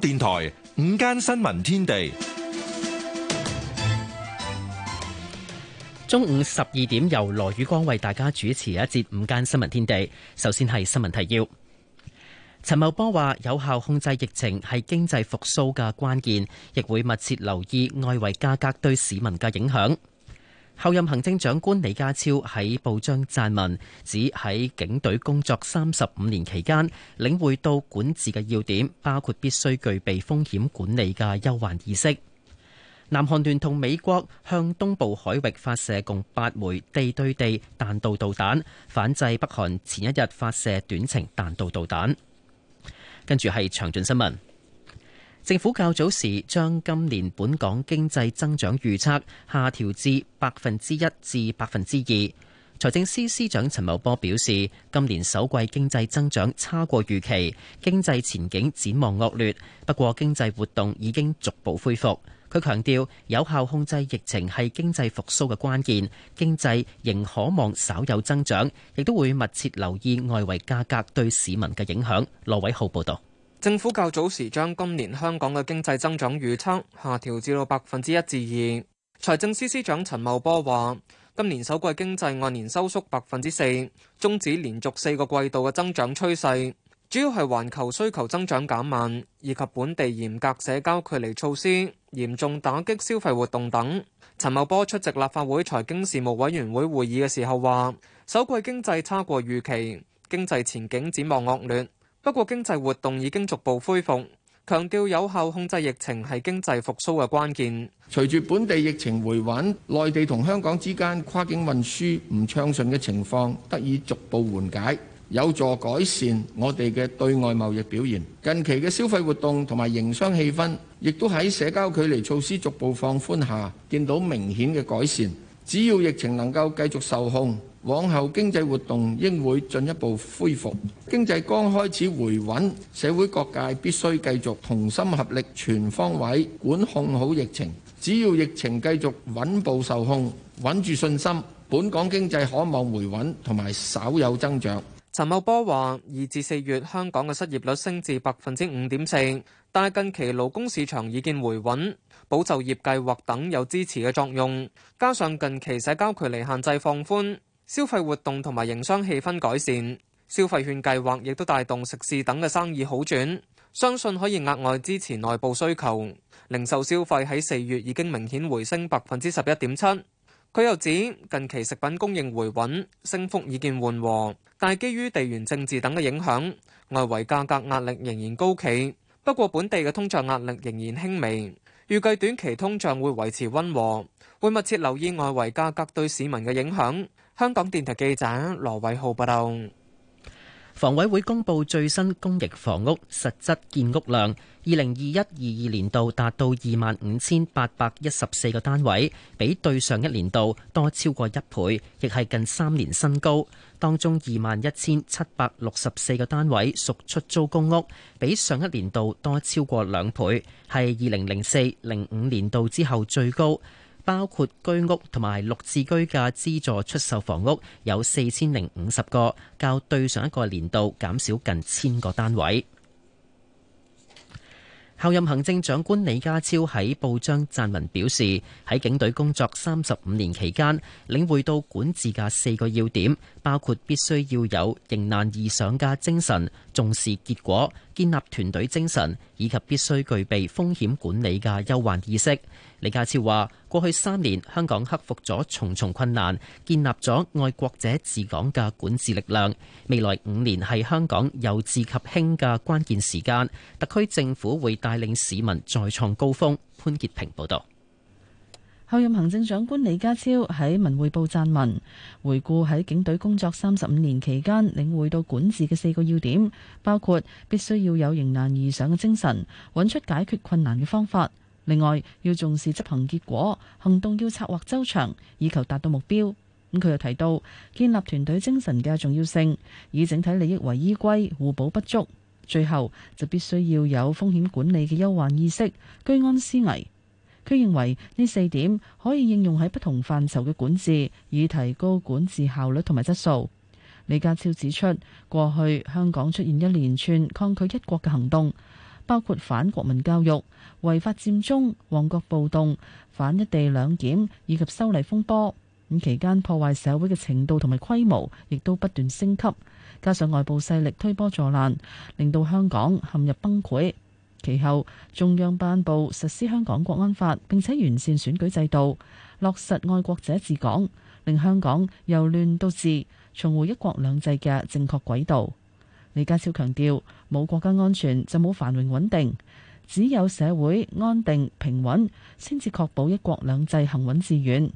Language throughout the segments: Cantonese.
電台午間新聞天地，中午十二點由羅宇光為大家主持一節午間新聞天地。首先係新聞提要，陳茂波話：有效控制疫情係經濟復甦嘅關鍵，亦會密切留意外圍價格對市民嘅影響。後任行政長官李家超喺報章撰文，指喺警隊工作三十五年期間，領會到管治嘅要點，包括必須具備風險管理嘅憂患意識。南韓聯同美國向東部海域發射共八枚地對地彈道導彈，反制北韓前一日發射短程彈道導彈。跟住係詳盡新聞。政府較早時將今年本港經濟增長預測下調至百分之一至百分之二。財政司司長陳茂波表示，今年首季經濟增長差過預期，經濟前景展望惡劣。不過經濟活動已經逐步恢復。佢強調，有效控制疫情係經濟復甦嘅關鍵，經濟仍可望稍有增長，亦都會密切留意外圍價格對市民嘅影響。羅偉浩報道。政府較早時將今年香港嘅經濟增長預測下調至到百分之一至二。財政司司長陳茂波話：今年首季經濟按年收縮百分之四，終止連續四個季度嘅增長趨勢，主要係環球需求增長減慢，以及本地嚴格社交距離措施，嚴重打擊消費活動等。陳茂波出席立法會財經事務委員會會議嘅時候話：首季經濟差過預期，經濟前景展望惡劣。不過經濟活動已經逐步恢復，強調有效控制疫情係經濟復甦嘅關鍵。隨住本地疫情回穩，內地同香港之間跨境運輸唔暢順嘅情況得以逐步緩解，有助改善我哋嘅對外貿易表現。近期嘅消費活動同埋營商氣氛，亦都喺社交距離措施逐步放寬下，見到明顯嘅改善。只要疫情能夠繼續受控，往後經濟活動應會進一步恢復，經濟剛開始回穩，社會各界必須繼續同心合力，全方位管控好疫情。只要疫情繼續穩步受控，穩住信心，本港經濟可望回穩同埋稍有增長。陳茂波話：二至四月香港嘅失業率升至百分之五點四，但係近期勞工市場已見回穩，保就業計劃等有支持嘅作用，加上近期社交距離限制放寬。消費活動同埋營商氣氛改善，消費券計劃亦都帶動食肆等嘅生意好轉，相信可以額外支持內部需求。零售消費喺四月已經明顯回升百分之十一點七。佢又指近期食品供應回穩，升幅已見緩和，但係基於地緣政治等嘅影響，外圍價格壓力仍然高企。不過本地嘅通脹壓力仍然輕微，預計短期通脹會維持溫和，會密切留意外圍價格對市民嘅影響。香港電台記者羅偉浩報道，房委會公布最新公營房屋實質建屋量，二零二一二二年度達到二萬五千八百一十四個單位，比對上一年度多超過一倍，亦係近三年新高。當中二萬一千七百六十四個單位屬出租公屋，比上一年度多超過兩倍，係二零零四零五年度之後最高。包括居屋同埋六字居嘅資助出售房屋有四千零五十個，較對上一個年度減少近千個單位。候任行政長官李家超喺報章撰文表示，喺警隊工作三十五年期間，領會到管治嘅四個要點，包括必須要有迎難而上嘅精神，重視結果，建立團隊精神，以及必須具備風險管理嘅憂患意識。李家超話：過去三年，香港克服咗重重困難，建立咗愛國者治港嘅管治力量。未來五年係香港由治及興嘅關鍵時間，特區政府會帶領市民再創高峰。潘潔平報導。後任行政長官李家超喺文匯報撰文，回顧喺警隊工作三十五年期間，領會到管治嘅四個要點，包括必須要有迎難而上嘅精神，揾出解決困難嘅方法。另外，要重視執行結果，行動要策劃周詳，以求達到目標。咁佢又提到建立團隊精神嘅重要性，以整體利益為依歸，互補不足。最後就必須要有風險管理嘅憂患意識，居安思危。佢認為呢四點可以應用喺不同範疇嘅管治，以提高管治效率同埋質素。李家超指出，過去香港出現一連串抗拒一國嘅行動。包括反國民教育、違法佔中、旺角暴動、反一地兩檢以及修例風波，咁期間破壞社會嘅程度同埋規模亦都不斷升級，加上外部勢力推波助瀾，令到香港陷入崩潰。其後中央頒布實施香港國安法，並且完善選舉制度，落實愛國者治港，令香港由亂到治，重回一國兩制嘅正確軌道。李家超強調，冇國家安全就冇繁榮穩定，只有社會安定平穩，先至確保一國兩制行穩致遠。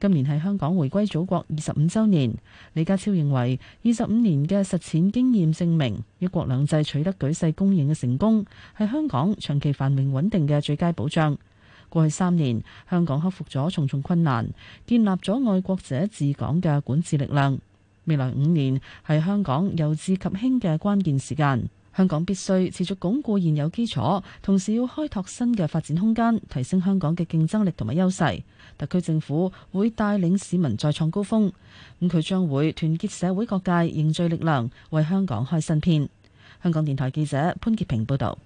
今年係香港回歸祖國二十五周年，李家超認為，二十五年嘅實踐經驗證明，一國兩制取得舉世公認嘅成功，係香港長期繁榮穩定嘅最佳保障。過去三年，香港克服咗重重困難，建立咗愛國者治港嘅管治力量。未來五年係香港由治及興嘅關鍵時間，香港必須持續鞏固現有基礎，同時要開拓新嘅發展空間，提升香港嘅競爭力同埋優勢。特區政府會帶領市民再創高峰，咁佢將會團結社會各界凝聚力量，為香港開新篇。香港電台記者潘潔平報道。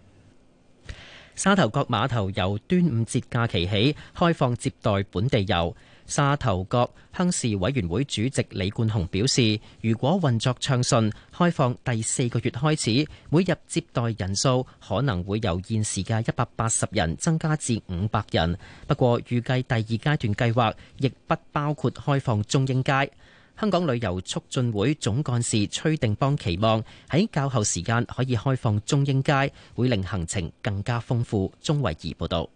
沙頭角碼頭由端午節假期起開放接待本地遊。沙頭角鄉事委員會主席李冠雄表示，如果運作暢順，開放第四個月開始，每日接待人數可能會由現時嘅一百八十人增加至五百人。不過，預計第二階段計劃亦不包括開放中英街。香港旅遊促進會總幹事崔定邦期望喺較後時間可以開放中英街，會令行程更加豐富。鍾慧儀報導。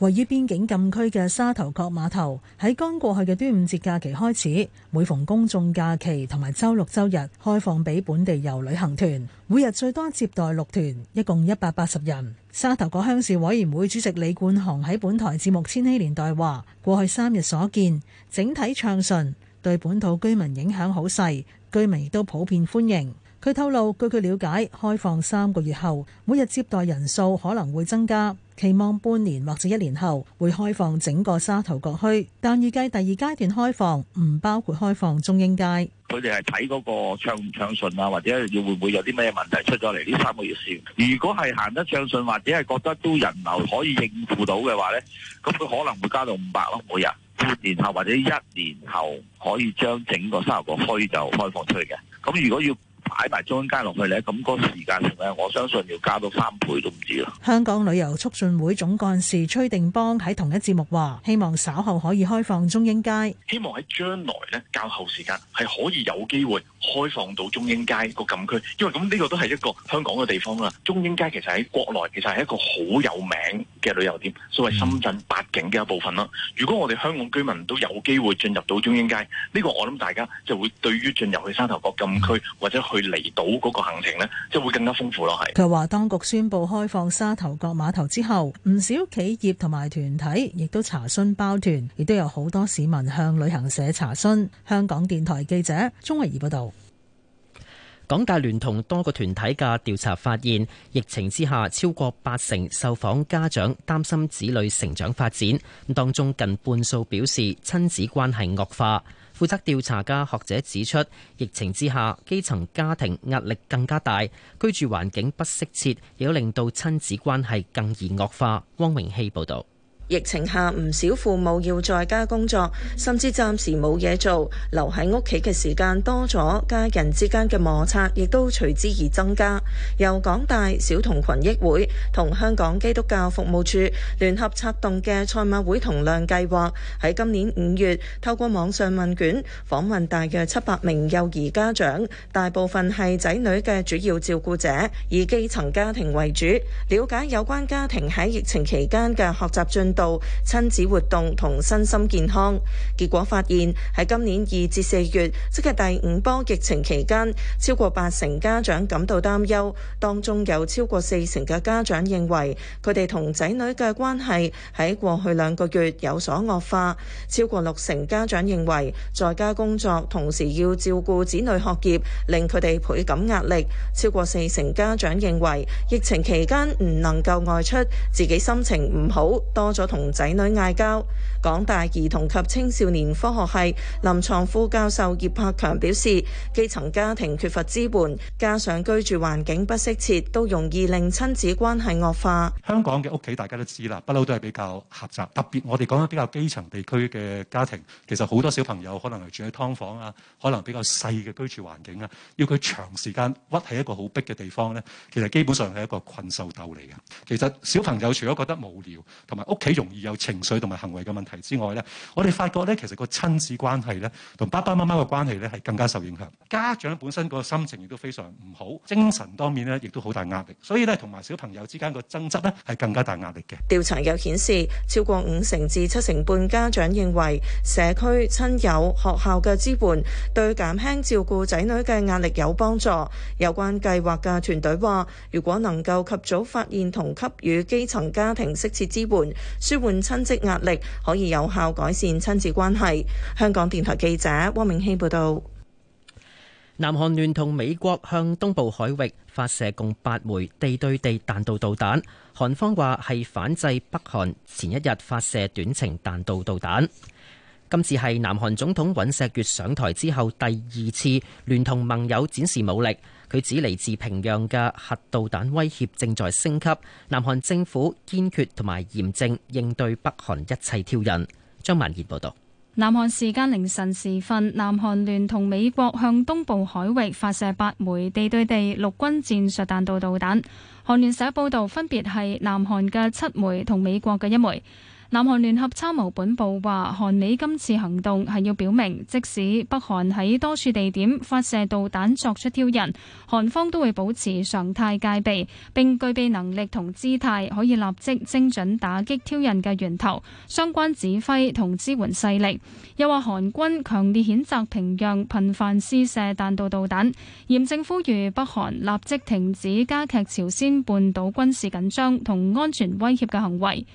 位於邊境禁區嘅沙頭角碼頭喺剛過去嘅端午節假期開始，每逢公眾假期同埋周六周日開放俾本地遊旅行團，每日最多接待六團，一共一百八十人。沙頭角鄉事委員會主席李冠航喺本台節目《千禧年代》話：過去三日所見整體暢順，對本土居民影響好細，居民亦都普遍歡迎。佢透露，據佢了解，開放三個月後，每日接待人數可能會增加。期望半年或者一年後會開放整個沙頭角區，但預計第二階段開放唔包括開放中英街。佢哋係睇嗰個暢唔暢順啊，或者會唔會有啲咩問題出咗嚟？呢三個月先，如果係行得暢順，或者係覺得都人流可以應付到嘅話呢，咁佢可能會加到五百咯，每日半年後或者一年後可以將整個沙頭角區就開放出去嘅。咁如果要擺埋中英街落去咧，咁嗰個時間咧，我相信要加到三倍都唔止啦。香港旅遊促進會總幹事崔定邦喺同一節目話：，希望稍後可以開放中英街。希望喺將來咧，較後時間係可以有機會開放到中英街個禁區，因為咁呢個都係一個香港嘅地方啦。中英街其實喺國內其實係一個好有名嘅旅遊點，所謂深圳八景嘅一部分啦。如果我哋香港居民都有機會進入到中英街，呢、這個我諗大家就會對於進入去沙頭角禁區或者去。去嚟到嗰個行程咧，即係會更加豐富咯。係佢話當局宣布開放沙頭角碼頭之後，唔少企業同埋團體亦都查詢包團，亦都有好多市民向旅行社查詢，香港電台記者鍾慧儀報道。港大聯同多個團體嘅調查發現，疫情之下，超過八成受訪家長擔心子女成長發展，當中近半數表示親子關係惡化。負責調查嘅學者指出，疫情之下，基層家庭壓力更加大，居住環境不適切，亦都令到親子關係更易惡化。汪榮熙報導。疫情下唔少父母要在家工作，甚至暫時冇嘢做，留喺屋企嘅時間多咗，家人之間嘅摩擦亦都隨之而增加。由港大小童群益會同香港基督教服務處聯合策動嘅賽馬會同量計劃，喺今年五月透過網上問卷訪問大約七百名幼兒家長，大部分係仔女嘅主要照顧者，以基層家庭為主，了解有關家庭喺疫情期間嘅學習進度。到親子活動同身心健康，結果發現喺今年二至四月，即係第五波疫情期間，超過八成家長感到擔憂，當中有超過四成嘅家長認為佢哋同仔女嘅關係喺過去兩個月有所惡化，超過六成家長認為在家工作同時要照顧子女學業令佢哋倍感壓力，超過四成家長認為疫情期間唔能夠外出，自己心情唔好多咗。同仔女嗌交，港大兒童及青少年科學系臨牀副教授葉柏強表示，基層家庭缺乏支援，加上居住環境不適切，都容易令親子關係惡化。香港嘅屋企大家都知啦，不嬲都係比較狹窄，特別我哋講得比較基層地區嘅家庭，其實好多小朋友可能係住喺劏房啊，可能比較細嘅居住環境啊，要佢長時間屈喺一個好逼嘅地方咧，其實基本上係一個困獸鬥嚟嘅。其實小朋友除咗覺得無聊，同埋屋企容易有情緒同埋行為嘅問題之外呢，我哋發覺呢，其實個親子關係呢，同爸爸媽媽嘅關係呢，係更加受影響。家長本身個心情亦都非常唔好，精神當面呢，亦都好大壓力，所以呢，同埋小朋友之間個爭執呢，係更加大壓力嘅。調查又顯示，超過五成至七成半家長認為社區、親友、學校嘅支援對減輕照顧仔女嘅壓力有幫助。有關計劃嘅團隊話，如果能夠及早發現同給予基層家庭適切支援，舒緩親戚壓力可以有效改善親子關係。香港電台記者汪明熙報道，南韓聯同美國向東部海域發射共八枚地對地彈道導彈，韓方話係反制北韓前一日發射短程彈道導彈。今次係南韓總統尹錫月上台之後第二次聯同盟友展示武力。佢指嚟自平壤嘅核導彈威脅正在升級，南韓政府堅決同埋嚴正應對北韓一切挑釁。張曼傑報道。南韓時間凌晨時分，南韓聯同美國向東部海域發射八枚地對地陸軍戰術彈道導彈，韓聯社報道，分別係南韓嘅七枚同美國嘅一枚。南韓聯合參謀本部話：韓美今次行動係要表明，即使北韓喺多處地點發射導彈作出挑釁，韓方都會保持常態戒備，並具備能力同姿態可以立即精準打擊挑釁嘅源頭、相關指揮同支援勢力。又話韓軍強烈譴責平壤頻繁試射彈道導彈，嚴正呼籲北韓立即停止加劇朝鮮半島軍事緊張同安全威脅嘅行為。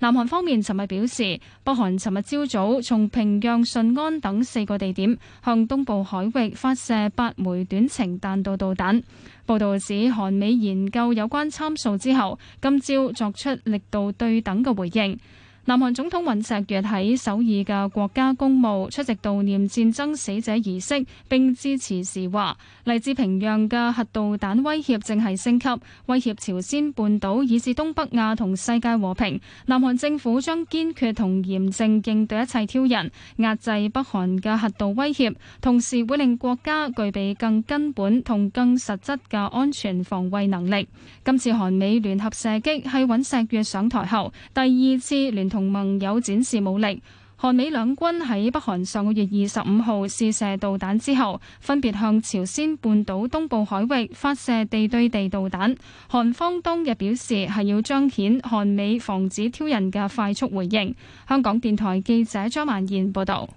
南韓方面尋日表示，北韓尋日朝早從平壤、順安等四個地點向東部海域發射八枚短程彈道導彈。報道指，韓美研究有關參數之後，今朝作出力度對等嘅回應。南韓總統尹錫悦喺首爾嘅國家公墓出席悼念戰爭死者儀式，並致辭時話：嚟自平壤嘅核導彈威脅正係升級，威脅朝鮮半島，以至東北亞同世界和平。南韓政府將堅決同嚴正應對一切挑釁，壓制北韓嘅核導威脅，同時會令國家具備更根本同更實質嘅安全防衞能力。今次韓美聯合射擊係尹錫悦上台後第二次聯。同盟友展示武力，韓美兩軍喺北韓上個月二十五號試射導彈之後，分別向朝鮮半島東部海域發射地對地導彈。韓方當日表示，係要彰顯韓美防止挑釁嘅快速回應。香港電台記者張萬燕報道。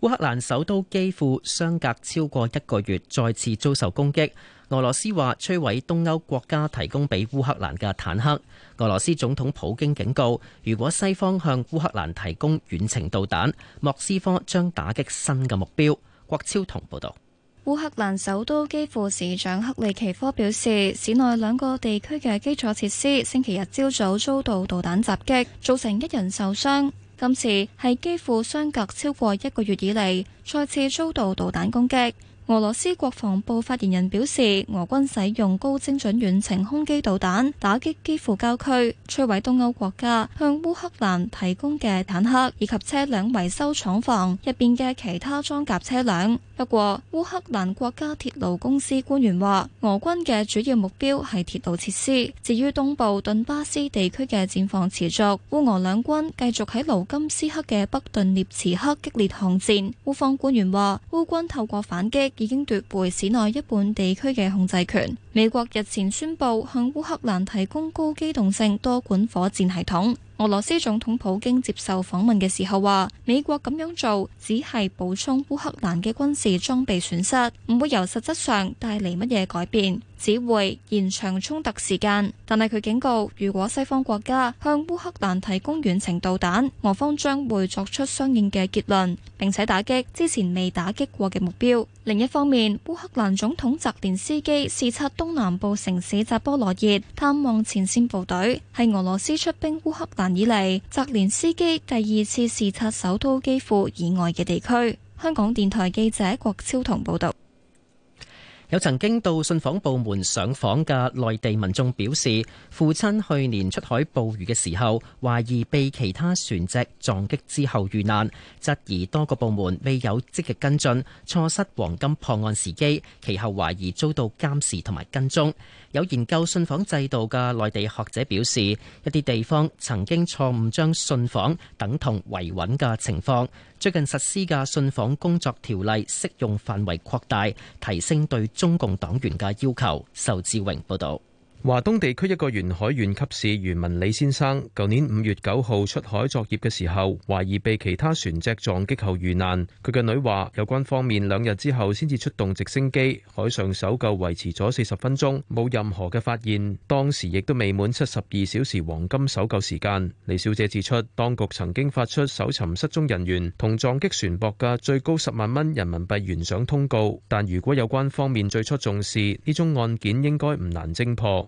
烏克蘭首都基輔相隔超過一個月，再次遭受攻擊。俄羅斯話摧毀東歐國家提供俾烏克蘭嘅坦克。俄羅斯總統普京警告，如果西方向烏克蘭提供遠程導彈，莫斯科將打擊新嘅目標。郭超同報道。烏克蘭首都基輔市長克利奇科表示，市內兩個地區嘅基礎設施星期日朝早遭到導彈襲擊，造成一人受傷。今次係基輔相隔超過一個月以嚟，再次遭到導彈攻擊。俄羅斯國防部發言人表示，俄軍使用高精準遠程空基導彈打擊基輔郊區，摧毀東歐國家向烏克蘭提供嘅坦克以及車輛維修廠房入邊嘅其他裝甲車輛。不過，烏克蘭國家鐵路公司官員話，俄軍嘅主要目標係鐵路設施。至於東部頓巴斯地區嘅戰況持續，烏俄兩軍繼續喺盧甘斯克嘅北頓涅茨克激烈巷戰。烏方官員話，烏軍透過反擊。已經奪回市內一半地區嘅控制權。美國日前宣布向烏克蘭提供高機動性多管火箭系統。俄羅斯總統普京接受訪問嘅時候話，美國咁樣做只係補充烏克蘭嘅軍事裝備損失，唔會由實質上帶嚟乜嘢改變，只會延長衝突時間。但係佢警告，如果西方國家向烏克蘭提供遠程導彈，俄方將會作出相應嘅結論，並且打擊之前未打擊過嘅目標。另一方面，烏克蘭總統澤連斯基視察東南部城市扎波羅熱，探望前線部隊，係俄羅斯出兵烏克蘭以嚟澤連斯基第二次視察首都基輔以外嘅地區。香港電台記者郭超同報道。有曾經到信訪部門上訪嘅內地民眾表示，父親去年出海捕魚嘅時候，懷疑被其他船隻撞擊之後遇難，質疑多個部門未有積極跟進，錯失黃金破案時機。其後懷疑遭到監視同埋跟蹤。有研究信訪制度嘅內地學者表示，一啲地方曾經錯誤將信訪等同維穩嘅情況。.最近實施嘅信訪工作條例適用範圍擴大，提升對中共黨員嘅要求。仇志榮報導。華東地區一個沿海縣級市漁民李先生，舊年五月九號出海作業嘅時候，懷疑被其他船隻撞擊後遇難。佢嘅女話，有關方面兩日之後先至出動直升機海上搜救，維持咗四十分鐘，冇任何嘅發現。當時亦都未滿七十二小時黃金搜救時間。李小姐指出，當局曾經發出搜尋失蹤人員同撞擊船舶嘅最高十萬蚊人民幣懸賞通告，但如果有關方面最初重視呢宗案件，應該唔難偵破。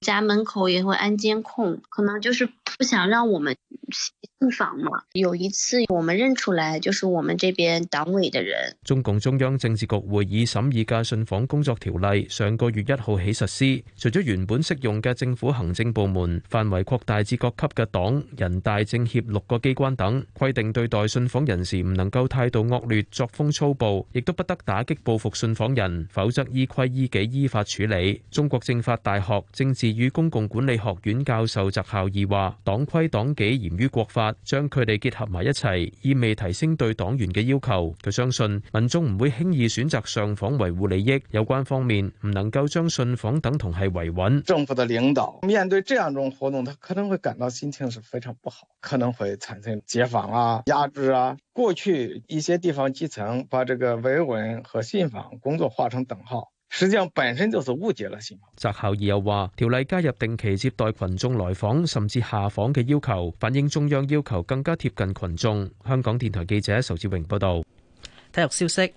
家門口也會安監控，可能就是不想讓我們信訪嘛。有一次我們認出來，就是我們這邊黨委的人。中共中央政治局會議審議嘅信訪工作條例，上個月一號起實施。除咗原本適用嘅政府行政部門，範圍擴大至各級嘅黨、人大、政協六個機關等。規定對待信訪人士唔能夠態度惡劣、作風粗暴，亦都不得打擊報復信訪人，否則依規依紀依法處理。中國政法大學政治與公共管理學院教授翟校義話：黨規黨紀嚴於國法，將佢哋結合埋一齊，意味提升對黨員嘅要求。佢相信民眾唔會輕易選擇上訪維護利益。有關方面唔能夠將信訪等同係維穩。政府的領導面對這樣一種活動，他可能會感到心情是非常不好，可能會產生截訪啊、壓制啊。過去一些地方基層把這個維穩和信訪工作劃成等號。實際上本身就是誤解了。謝孝義又話，條例加入定期接待群眾來訪甚至下訪嘅要求，反映中央要求更加貼近群眾。香港電台記者仇志榮報道。體育消息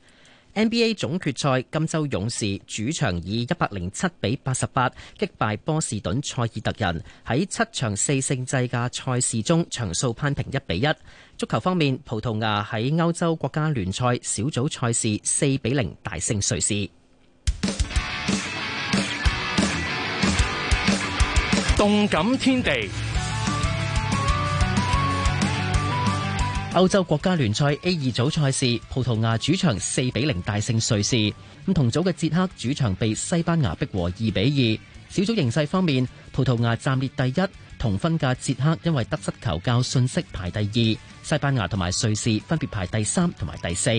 ：NBA 總決賽，金州勇士主場以一百零七比八十八擊敗波士頓賽爾特人，喺七場四勝制嘅賽事中，場數攀平一比一。足球方面，葡萄牙喺歐洲國家聯賽小組賽事四比零大勝瑞士。動感天地，歐洲國家聯賽 A 二組賽事，葡萄牙主場四比零大勝瑞士。咁同組嘅捷克主場被西班牙逼和二比二。小組形勢方面，葡萄牙暫列第一，同分嘅捷克因為得失球較遜色排第二，西班牙同埋瑞士分別排第三同埋第四。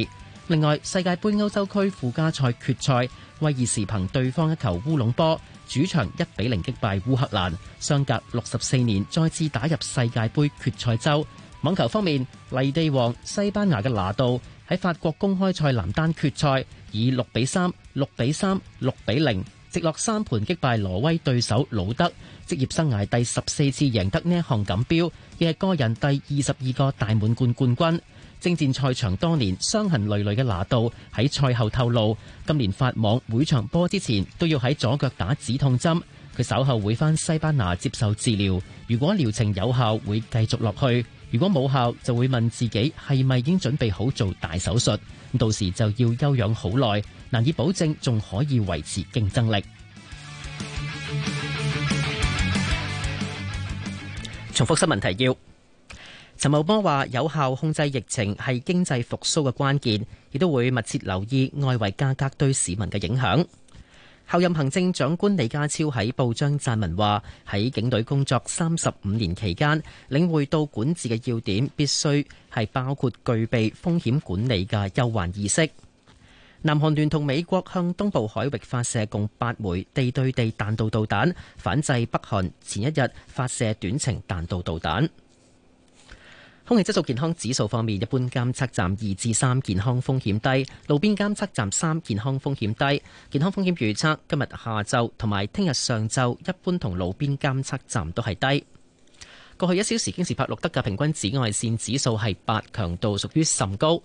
另外，世界杯歐洲區附加賽決賽，威爾士憑對方一球烏龍波，主場一比零擊敗烏克蘭，相隔六十四年再次打入世界杯決賽周。網球方面，泥地王西班牙嘅拿度喺法國公開賽男單決賽，以六比三、六比三、六比零，直落三盤擊敗挪威對手魯德，職業生涯第十四次贏得呢項錦標，亦係個人第二十二個大滿貫冠軍。征戰賽場多年，傷痕累累嘅拿度喺賽後透露，今年法網每場波之前都要喺左腳打止痛針。佢稍後會翻西班牙接受治療，如果療程有效會繼續落去；如果冇效，就會問自己係咪已經準備好做大手術。到時就要休養好耐，難以保證仲可以維持競爭力。重複新聞提要。陳茂波話：有效控制疫情係經濟復蘇嘅關鍵，亦都會密切留意外圍價格對市民嘅影響。候任行政長官李家超喺報章撰文話：喺警隊工作三十五年期間，領會到管治嘅要點，必須係包括具備風險管理嘅憂患意識。南韓聯同美國向東部海域發射共八枚地對地彈道導彈，反制北韓前一日發射短程彈道導彈。空氣質素健康指數方面，一般監測站二至三，健康風險低；路邊監測站三，健康風險低。健康風險預測今日下晝同埋聽日上晝，一般同路邊監測站都係低。過去一小時京士柏錄得嘅平均紫外線指數係八，強度屬於甚高。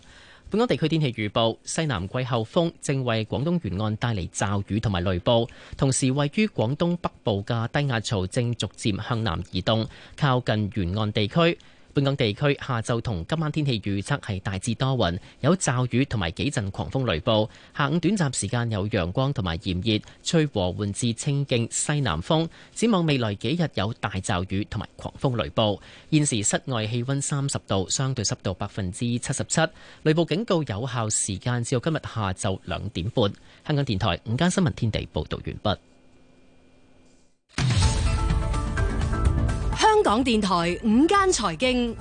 本港地區天氣預報：西南季候風正為廣東沿岸帶嚟驟雨同埋雷暴，同時位於廣東北部嘅低壓槽正逐漸向南移動，靠近沿岸地區。本港地區下晝同今晚天氣預測係大致多雲，有驟雨同埋幾陣狂風雷暴。下午短暫時間有陽光同埋炎熱，吹和緩至清勁西南風。展望未來幾日有大驟雨同埋狂風雷暴。現時室外氣溫三十度，相對濕度百分之七十七。雷暴警告有效時間至到今日下晝兩點半。香港電台午間新聞天地報道完畢。香港電台五間財經，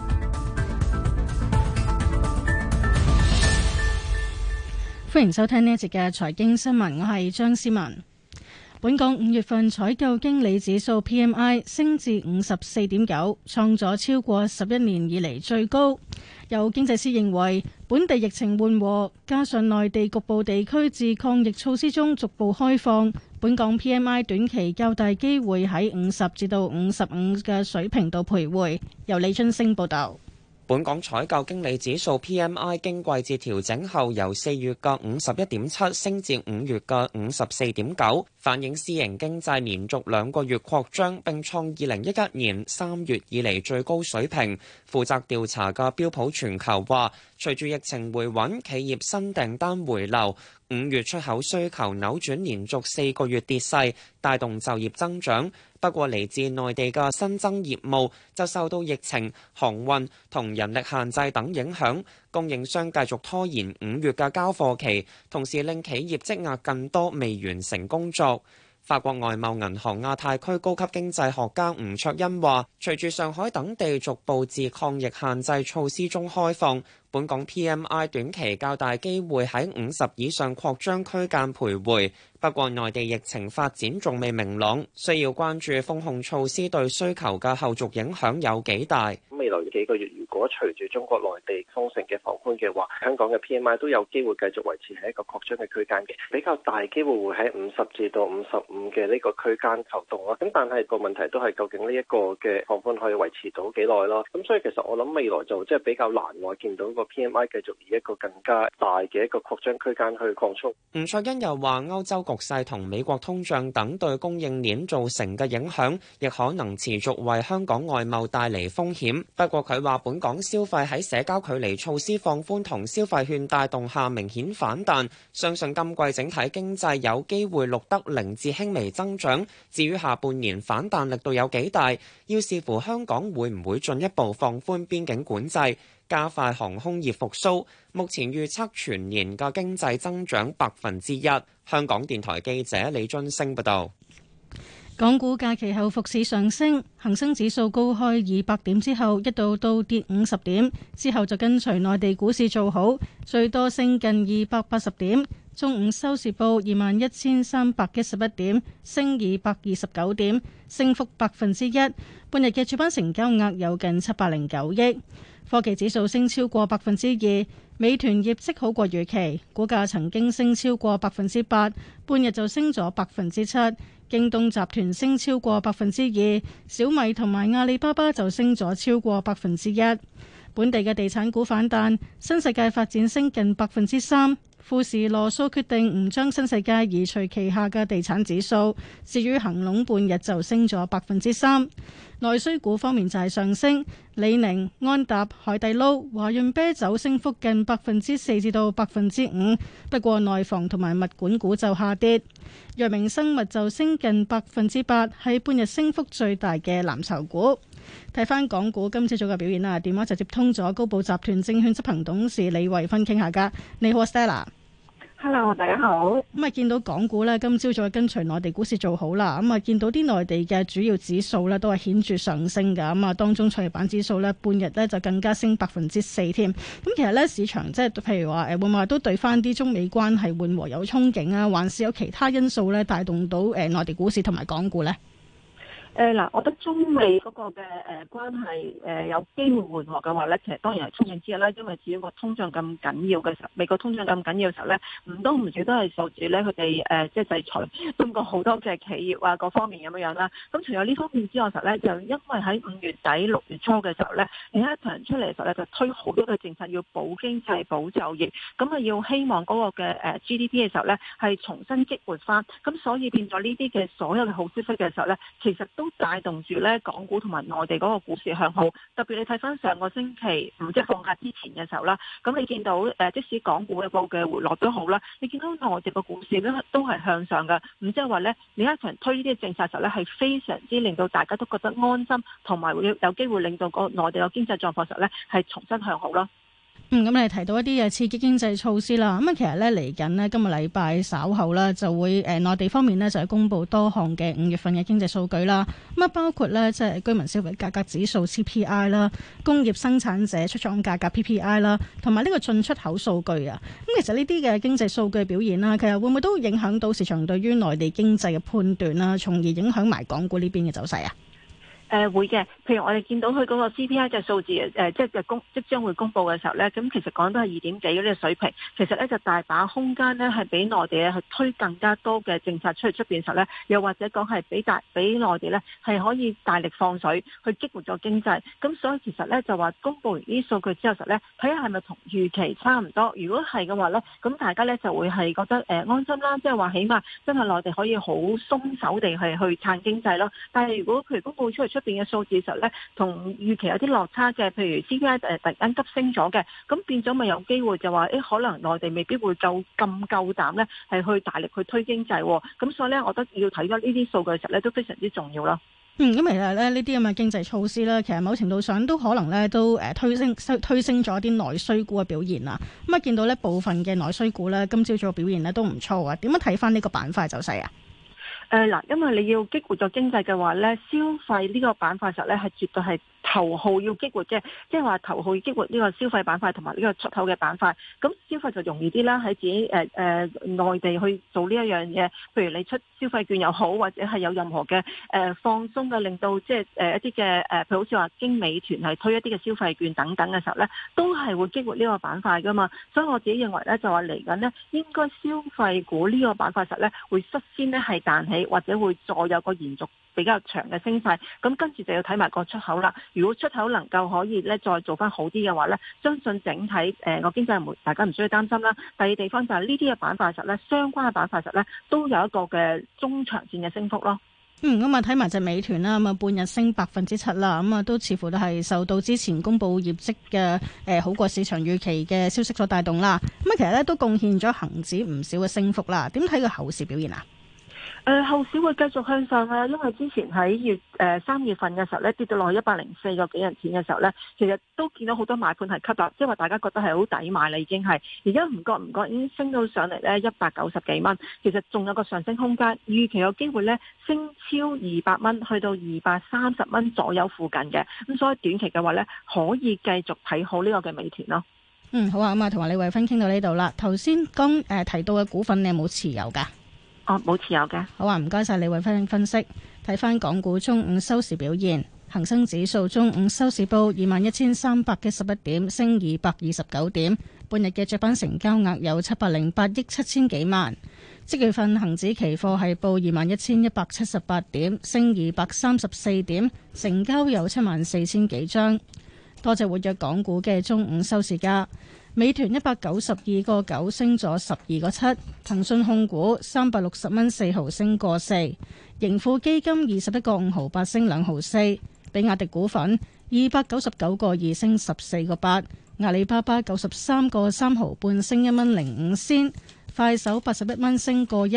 歡迎收聽呢一節嘅財經新聞，我係張思文。本港五月份採購經理指數 PMI 升至五十四點九，創咗超過十一年以嚟最高。有經濟師認為，本地疫情緩和，加上內地局部地區自抗疫措施中逐步開放。本港 PMI 短期較大機會喺五十至到五十五嘅水平度徘徊，由李春升報導。本港採購經理指數 PMI 經季節調整後，由四月嘅五十一點七升至五月嘅五十四點九，反映私營經濟連續兩個月擴張，並創二零一一年三月以嚟最高水平。負責調查嘅標普全球話，隨住疫情回穩，企業新訂單回流，五月出口需求扭轉連續四個月跌勢，帶動就業增長。不過，嚟自內地嘅新增業務就受到疫情、航運同人力限制等影響，供應商繼續拖延五月嘅交貨期，同時令企業積壓更多未完成工作。法國外貿銀行亞太區高級經濟學家吳卓恩話，隨住上海等地逐步自抗疫限制措施中開放，本港 PMI 短期較大機會喺五十以上擴張區間徘徊。不過，內地疫情發展仲未明朗，需要關注封控措施對需求嘅後續影響有幾大。未來幾個月。如果隨住中國內地封城嘅放寬嘅話，香港嘅 PMI 都有機會繼續維持喺一個擴張嘅區間嘅，比較大機會會喺五十至到五十五嘅呢個區間浮動啊。咁但係個問題都係究竟呢一個嘅放寬可以維持到幾耐咯？咁所以其實我諗未來就即係比較難，我見到個 PMI 繼續以一個更加大嘅一個擴張區間去擴充。吳卓欣又話：歐洲局勢同美國通脹等對供應鏈造成嘅影響，亦可能持續為香港外貿帶嚟風險。不過佢話本。香港消費喺社交距離措施放寬同消費券帶動下明顯反彈，相信今季整體經濟有機會錄得零至輕微增長。至於下半年反彈力度有幾大，要視乎香港會唔會進一步放寬邊境管制，加快航空業復甦。目前預測全年嘅經濟增長百分之一。香港電台記者李津升報道。港股假期後復市上升，恒生指數高開二百點之後一度到跌五十點，之後就跟隨內地股市做好，最多升近二百八十點。中午收市報二萬一千三百一十一點，升二百二十九點，升幅百分之一。半日嘅主板成交額有近七百零九億。科技指數升超過百分之二，美團業績好過預期，股價曾經升超過百分之八，半日就升咗百分之七。京東集團升超過百分之二，小米同埋阿里巴巴就升咗超過百分之一。本地嘅地產股反彈，新世界發展升近百分之三。富時羅素決定唔將新世界移除旗下嘅地產指數，至於恒隆半日就升咗百分之三。內需股方面就係上升，李寧、安踏、海底撈、華潤啤酒升幅近百分之四至到百分之五。不過內房同埋物管股就下跌，藥明生物就升近百分之八，係半日升幅最大嘅藍籌股。睇翻港股今朝早嘅表現啦，電話直接通咗高寶集團證券執行董事李慧芬傾下家。你好 Stella，Hello 大家好。咁啊見到港股呢，今朝早跟隨內地股市做好啦，咁啊見到啲內地嘅主要指數呢，都係顯著上升噶，咁啊當中創業板指數呢，半日呢就更加升百分之四添。咁其實呢，市場即係譬如話誒會唔會都對翻啲中美關係緩和有憧憬啊，還是有其他因素呢，帶動到誒內地股市同埋港股呢？誒、欸、嗱，我覺得中美嗰個嘅誒、呃、關係誒、呃、有機會緩和嘅話咧，其實當然係通脹之後咧，因為至於個通脹咁緊要嘅時候，美國通脹咁緊要嘅時候咧，唔多唔少都係受住咧佢哋誒即係制裁，中國好多嘅企業啊各方面咁樣啦。咁除咗呢方面之外嘅時候咧，就因為喺五月底六月初嘅時候咧，另一層出嚟嘅時候咧，就推好多嘅政策要補經濟補就業，咁啊要希望嗰個嘅 GDP 嘅時候咧係重新激活翻，咁所以變咗呢啲嘅所有嘅好消息嘅時候咧，其實都都帶動住咧港股同埋內地嗰個股市向好，特別你睇翻上個星期，唔即係放假之前嘅時候啦，咁你見到誒即使港股嘅部嘅回落都好啦，你見到內地個股市咧都係向上㗎，咁即係話咧，你一祥推呢啲政策時候咧，係非常之令到大家都覺得安心，同埋會有機會令到個內地嘅經濟狀況時候咧係重新向好咯。咁、嗯、你提到一啲嘅刺激經濟措施啦，咁啊其實呢，嚟緊呢今個禮拜稍後啦就會誒、呃、內地方面呢，就係公布多項嘅五月份嘅經濟數據啦，咁啊包括呢，即、就、係、是、居民消費價格指數 CPI 啦、工業生產者出廠價格 PPI 啦，同埋呢個進出口數據啊。咁其實呢啲嘅經濟數據表現啦、啊，其實會唔會都影響到市場對於內地經濟嘅判斷啦、啊，從而影響埋港股呢邊嘅走勢啊？誒會嘅，譬如我哋見到佢嗰個 CPI 嘅數字誒，即係公即將會公佈嘅時候咧，咁其實講都係二點幾嗰啲水平，其實咧就大把空間咧係俾內地去推更加多嘅政策出嚟出邊時候咧，又或者講係俾大俾內地咧係可以大力放水去激活咗經濟，咁所以其實咧就話公佈完啲數據之後實咧睇下係咪同預期差唔多，如果係嘅話咧，咁大家咧就會係覺得誒安心啦，即係話起碼真係內地可以好鬆手地去去撐經濟咯，但係如果譬如公佈出嚟出變嘅數字實咧，同預期有啲落差嘅，譬如 CPI 誒突然間急升咗嘅，咁變咗咪有機會就話誒、欸，可能內地未必會做咁夠膽咧，係去大力去推經濟，咁所以咧，我覺得要睇咗呢啲數據實咧都非常之重要啦。嗯，咁其實咧呢啲咁嘅經濟措施咧，其實某程度上都可能咧都誒推升推升咗啲內需股嘅表現啦。咁啊見到咧部分嘅內需股咧，今朝早嘅表現咧都唔錯啊。點樣睇翻呢個板塊走勢啊？嗱、呃，因為你要激活咗經濟嘅話，咧，消費呢個板塊實咧係絕對係。頭號要激活嘅，即係話頭號要激活呢個消費板塊同埋呢個出口嘅板塊。咁消費就容易啲啦，喺自己誒誒、呃呃、內地去做呢一樣嘢。譬如你出消費券又好，或者係有任何嘅誒、呃、放鬆嘅，令到即係誒、呃、一啲嘅誒，譬如好似話京美團係推一啲嘅消費券等等嘅時候咧，都係會激活呢個板塊噶嘛。所以我自己認為咧，就話嚟緊呢應該消費股個塊呢個板塊實咧會率先咧係彈起，或者會再有個延續。比較長嘅升勢，咁跟住就要睇埋個出口啦。如果出口能夠可以咧再做翻好啲嘅話咧，相信整體誒個、呃、經濟大家唔需要擔心啦。第二地方就係呢啲嘅板塊實咧，相關嘅板塊實咧，都有一個嘅中長線嘅升幅咯。嗯，咁啊睇埋隻美團啦，咁啊半日升百分之七啦，咁啊都似乎都係受到之前公布業績嘅誒好過市場預期嘅消息所帶動啦。咁啊其實咧都貢獻咗恒指唔少嘅升幅啦。點睇個後市表現啊？誒、呃，後市會繼續向上啦，啊，因為之前喺月誒、呃、三月份嘅時候咧跌到落去一百零四個幾銀錢嘅時候咧，其實都見到好多買盤係吸納，即係話大家覺得係好抵買啦，已經係而家唔覺唔覺已經升到上嚟咧一百九十幾蚊，其實仲有一個上升空間，預期有機會咧升超二百蚊，去到二百三十蚊左右附近嘅，咁，所以短期嘅話咧可以繼續睇好呢個嘅美團咯。嗯，好啊，咁啊，同埋李慧芬傾到呢度啦。頭先剛誒提到嘅股份，你有冇持有噶？哦，冇持有嘅。好啊，唔該晒，李偉輝分析。睇翻，港股中午收市表現，恒生指數中午收市報二萬一千三百一十一點，升二百二十九點。半日嘅主板成交額有七百零八億七千幾萬。即月份恒指期貨係報二萬一千一百七十八點，升二百三十四點，成交有七萬四千幾張。多謝活躍港股嘅中午收市價。美團一百九十二個九升咗十二個七，騰訊控股三百六十蚊四毫升過四，盈富基金二十一個五毫八升兩毫四，比亞迪股份二百九十九個二升十四個八，阿里巴巴九十三個三毫半升一蚊零五先，快手八十一蚊升過一，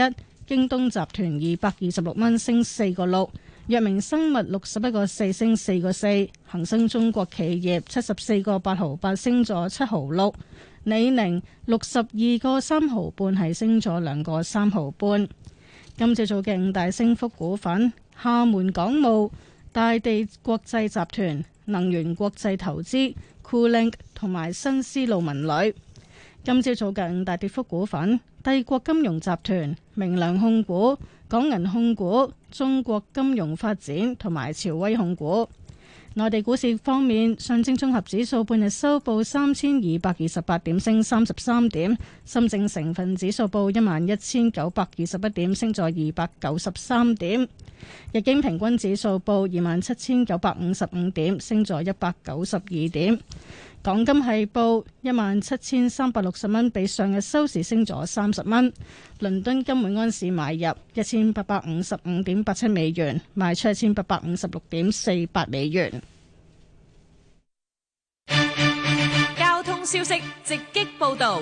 京東集團二百二十六蚊升四個六。藥明生物六十一個四升四個四，恒生中國企業七十四個八毫八升咗七毫六，李寧六十二個三毫半係升咗兩個三毫半。今朝早嘅五大升幅股份：廈門港務、大地國際集團、能源國際投資、c o o l i n g 同埋新思路文旅。今朝早嘅五大跌幅股份：帝國金融集團、明亮控股。港銀控股、中國金融發展同埋朝威控股。內地股市方面，上證綜合指數半日收報三千二百二十八點，升三十三點；深證成分指數報一萬一千九百二十一點，升咗二百九十三點；日經平均指數報二萬七千九百五十五點，升咗一百九十二點。港金係報一萬七千三百六十蚊，17, 比上日收市升咗三十蚊。倫敦金每安士買入一千八百五十五點八七美元，賣出一千八百五十六點四八美元。交通消息直擊報道。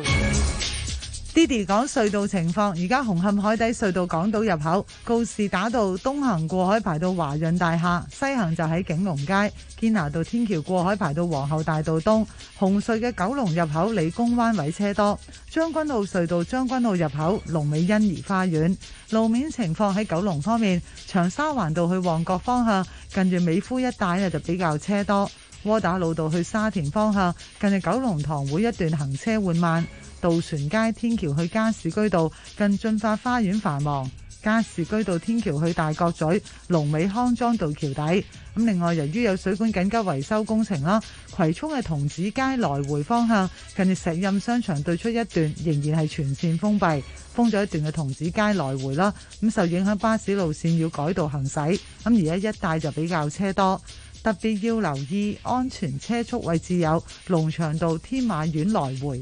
睇睇講隧道情況，而家紅磡海底隧道港島入口告士打道東行過海排到華潤大廈，西行就喺景隆街、堅拿道天橋過海排到皇后大道東。紅隧嘅九龍入口理工彎位車多，將軍澳隧道將軍澳入口龍尾欣兒花園。路面情況喺九龍方面，長沙灣道去旺角方向近住美孚一帶呢就比較車多，窩打老道去沙田方向近住九龍塘會一段行車緩慢。渡船街天橋去加士居道近駿發花園繁忙，加士居道天橋去大角咀龍尾康莊道橋底。咁另外，由於有水管緊急維修工程啦，葵涌嘅童子街來回方向近住石蔭商場對出一段仍然係全線封閉，封咗一段嘅童子街來回啦。咁受影響巴士路線要改道行駛，咁而家一帶就比較車多，特別要留意安全車速位置有龍翔道天馬苑來回。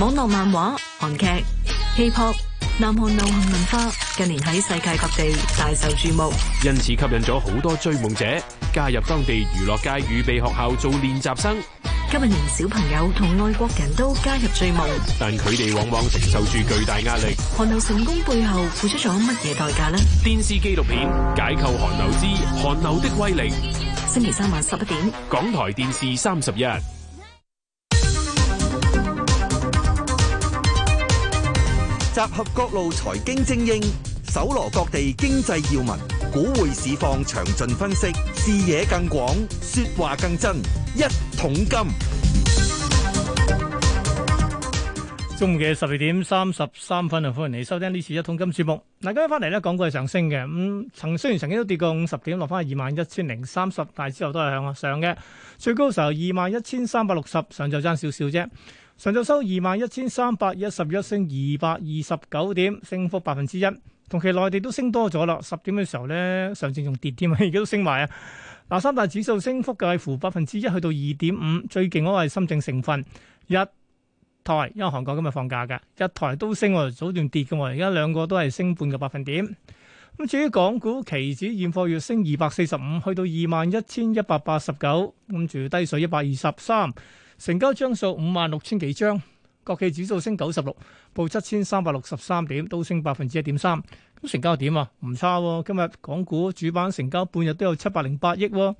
網絡漫畫、韓劇、戲扑、南韓流行文化近年喺世界各地大受注目，因此吸引咗好多追夢者加入當地娛樂界預備學校做練習生。今日連小朋友同外國人都加入追夢，但佢哋往往承受住巨大壓力。韓流成功背後付出咗乜嘢代價呢？電視紀錄片解構韓流之韓流的威力。星期三晚十一點，港台電視三十一。集合各路財經精英，搜羅各地經濟要聞，股匯市況詳盡分析，視野更廣，說話更真。一桶金。中午嘅十二點三十三分啊，歡迎你收聽呢次一桶金節目。嗱，今日翻嚟咧，港股係上升嘅，咁、嗯、曾雖然曾經都跌過五十點，落翻二萬一千零三十，但係之後都係向上嘅，最高嘅時候二萬一千三百六十，上就爭少少啫。上晝收二萬一千三百一十一，升二百二十九點，升幅百分之一。同期內地都升多咗啦，十點嘅時候咧，上證仲跌添啊，而家都升埋啊。嗱，三大指數升幅介乎百分之一，去到二點五，最勁嗰個係深圳成分，日台因為韓國今日放假㗎。日台都升喎，早段跌㗎嘛。而家兩個都係升半個百分點。咁至於港股期指現貨月升二百四十五，去到二萬一千一百八十九，跟住低水一百二十三。成交張數五萬六千幾張，國企指數升九十六，報七千三百六十三點，都升百分之一點三。咁成交點啊，唔差喎。今日港股主板成交半日都有七百零八億喎。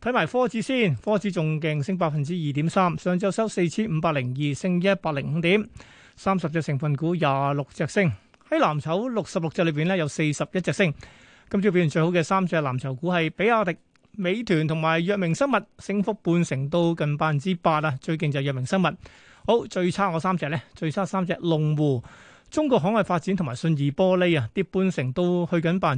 睇埋科指先，科指仲勁，升百分之二點三。上晝收四千五百零二，升一百零五點，三十隻成分股廿六隻升。喺藍籌六十六隻裏邊咧，有四十一隻升。今朝表現最好嘅三隻藍籌股係比亞迪，美團同埋藥明生物升幅半成到近百分之八啊，最勁就係藥明生物。好，最差嗰三隻咧，最差三隻，龍湖、中國海外發展同埋信義玻璃啊，跌半成都去緊百。